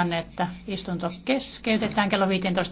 ehdotan, että istunto keskeytetään kello 15.